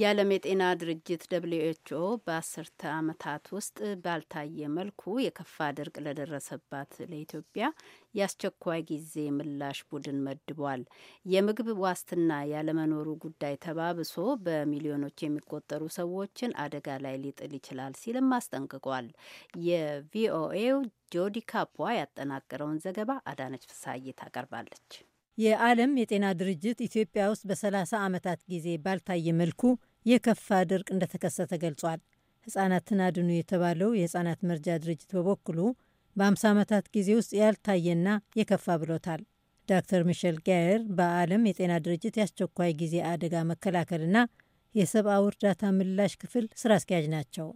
የዓለም የጤና ድርጅት ደብልዩ ኤችኦ በአስርተ ዓመታት ውስጥ ባልታየ መልኩ የከፋ ድርቅ ለደረሰባት ለኢትዮጵያ የአስቸኳይ ጊዜ ምላሽ ቡድን መድቧል። የምግብ ዋስትና ያለመኖሩ ጉዳይ ተባብሶ በሚሊዮኖች የሚቆጠሩ ሰዎችን አደጋ ላይ ሊጥል ይችላል ሲልም አስጠንቅቋል። የቪኦኤው ጆዲ ካፖ ያጠናቀረውን ዘገባ አዳነች ፍሳይ ታቀርባለች። የዓለም የጤና ድርጅት ኢትዮጵያ ውስጥ በ30 ዓመታት ጊዜ ባልታየ መልኩ የከፋ ድርቅ እንደተከሰተ ገልጿል። ሕፃናትን አድኑ የተባለው የሕፃናት መርጃ ድርጅት በበኩሉ በ50 ዓመታት ጊዜ ውስጥ ያልታየና የከፋ ብሎታል። ዳክተር ሚሸል ጋየር በዓለም የጤና ድርጅት የአስቸኳይ ጊዜ አደጋ መከላከልና የሰብአዊ እርዳታ ምላሽ ክፍል ስራ አስኪያጅ ናቸው።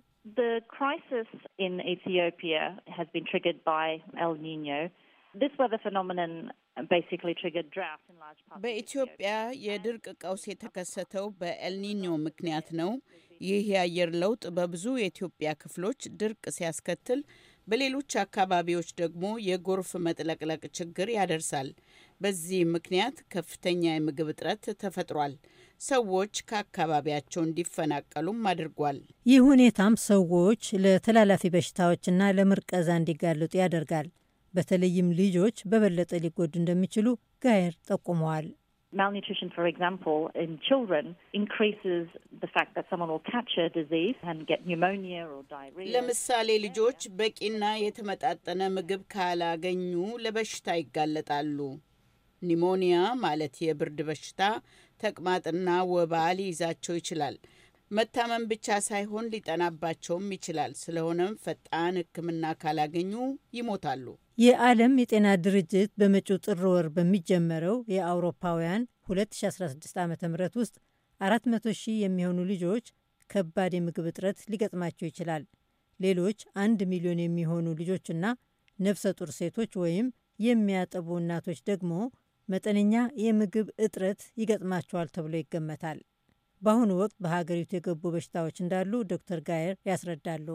በኢትዮጵያ የድርቅ ቀውስ የተከሰተው በኤልኒኞ ምክንያት ነው። ይህ የአየር ለውጥ በብዙ የኢትዮጵያ ክፍሎች ድርቅ ሲያስከትል፣ በሌሎች አካባቢዎች ደግሞ የጎርፍ መጥለቅለቅ ችግር ያደርሳል። በዚህ ምክንያት ከፍተኛ የምግብ እጥረት ተፈጥሯል። ሰዎች ከአካባቢያቸው እንዲፈናቀሉም አድርጓል። ይህ ሁኔታም ሰዎች ለተላላፊ በሽታዎችና ለምርቀዛ እንዲጋለጡ ያደርጋል። በተለይም ልጆች በበለጠ ሊጎዱ እንደሚችሉ ጋየር ጠቁመዋል። ለምሳሌ ልጆች በቂና የተመጣጠነ ምግብ ካላገኙ ለበሽታ ይጋለጣሉ። ኒሞኒያ ማለት የብርድ በሽታ፣ ተቅማጥና ወባ ሊይዛቸው ይችላል። መታመም ብቻ ሳይሆን ሊጠናባቸውም ይችላል። ስለሆነም ፈጣን ሕክምና ካላገኙ ይሞታሉ። የዓለም የጤና ድርጅት በመጪው ጥር ወር በሚጀመረው የአውሮፓውያን 2016 ዓ ም ውስጥ 400 ሺህ የሚሆኑ ልጆች ከባድ የምግብ እጥረት ሊገጥማቸው ይችላል። ሌሎች አንድ ሚሊዮን የሚሆኑ ልጆችና ነፍሰ ጡር ሴቶች ወይም የሚያጠቡ እናቶች ደግሞ መጠነኛ የምግብ እጥረት ይገጥማቸዋል ተብሎ ይገመታል። በአሁኑ ወቅት በሀገሪቱ የገቡ በሽታዎች እንዳሉ ዶክተር ጋየር ያስረዳሉ።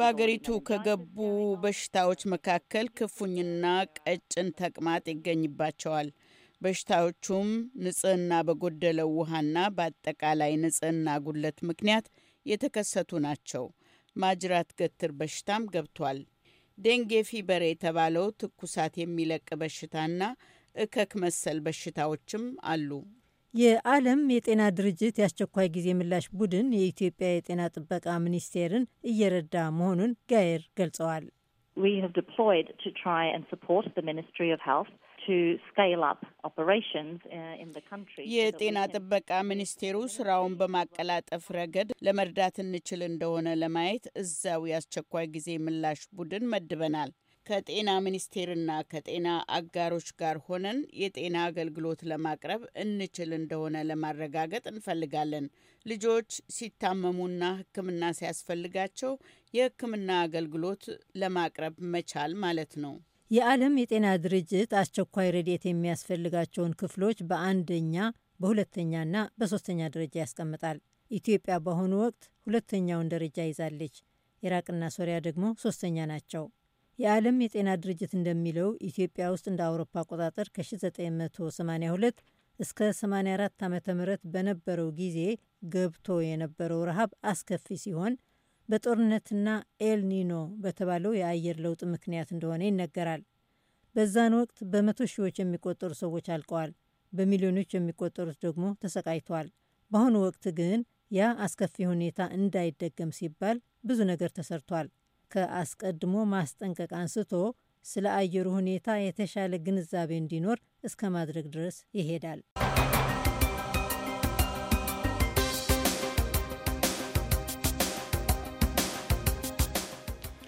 በሀገሪቱ ከገቡ በሽታዎች መካከል ክፉኝና ቀጭን ተቅማጥ ይገኝባቸዋል። በሽታዎቹም ንጽህና በጎደለው ውሃና በአጠቃላይ ንጽህና ጉድለት ምክንያት የተከሰቱ ናቸው። ማጅራት ገትር በሽታም ገብቷል። ዴንጌ ፊበር የተባለው ትኩሳት የሚለቅ በሽታና እከክ መሰል በሽታዎችም አሉ። የዓለም የጤና ድርጅት የአስቸኳይ ጊዜ ምላሽ ቡድን የኢትዮጵያ የጤና ጥበቃ ሚኒስቴርን እየረዳ መሆኑን ጋየር ገልጸዋል። We have deployed to try and support the Ministry of Health የጤና uh, ጥበቃ ሚኒስቴሩ ስራውን በማቀላጠፍ ረገድ ለመርዳት እንችል እንደሆነ ለማየት እዛው የአስቸኳይ ጊዜ ምላሽ ቡድን መድበናል። ከጤና ሚኒስቴርና ከጤና አጋሮች ጋር ሆነን የጤና አገልግሎት ለማቅረብ እንችል እንደሆነ ለማረጋገጥ እንፈልጋለን። ልጆች ሲታመሙና ሕክምና ሲያስፈልጋቸው የሕክምና አገልግሎት ለማቅረብ መቻል ማለት ነው። የዓለም የጤና ድርጅት አስቸኳይ ረድኤት የሚያስፈልጋቸውን ክፍሎች በአንደኛ በሁለተኛና በሶስተኛ ደረጃ ያስቀምጣል። ኢትዮጵያ በአሁኑ ወቅት ሁለተኛውን ደረጃ ይዛለች። ኢራቅና ሶሪያ ደግሞ ሶስተኛ ናቸው። የዓለም የጤና ድርጅት እንደሚለው ኢትዮጵያ ውስጥ እንደ አውሮፓ አቆጣጠር ከ1982 እስከ 84 ዓ ም በነበረው ጊዜ ገብቶ የነበረው ረሃብ አስከፊ ሲሆን በጦርነትና ኤልኒኖ በተባለው የአየር ለውጥ ምክንያት እንደሆነ ይነገራል። በዛን ወቅት በመቶ ሺዎች የሚቆጠሩ ሰዎች አልቀዋል፣ በሚሊዮኖች የሚቆጠሩት ደግሞ ተሰቃይተዋል። በአሁኑ ወቅት ግን ያ አስከፊ ሁኔታ እንዳይደገም ሲባል ብዙ ነገር ተሰርቷል። ከአስቀድሞ ማስጠንቀቅ አንስቶ ስለ አየሩ ሁኔታ የተሻለ ግንዛቤ እንዲኖር እስከ ማድረግ ድረስ ይሄዳል።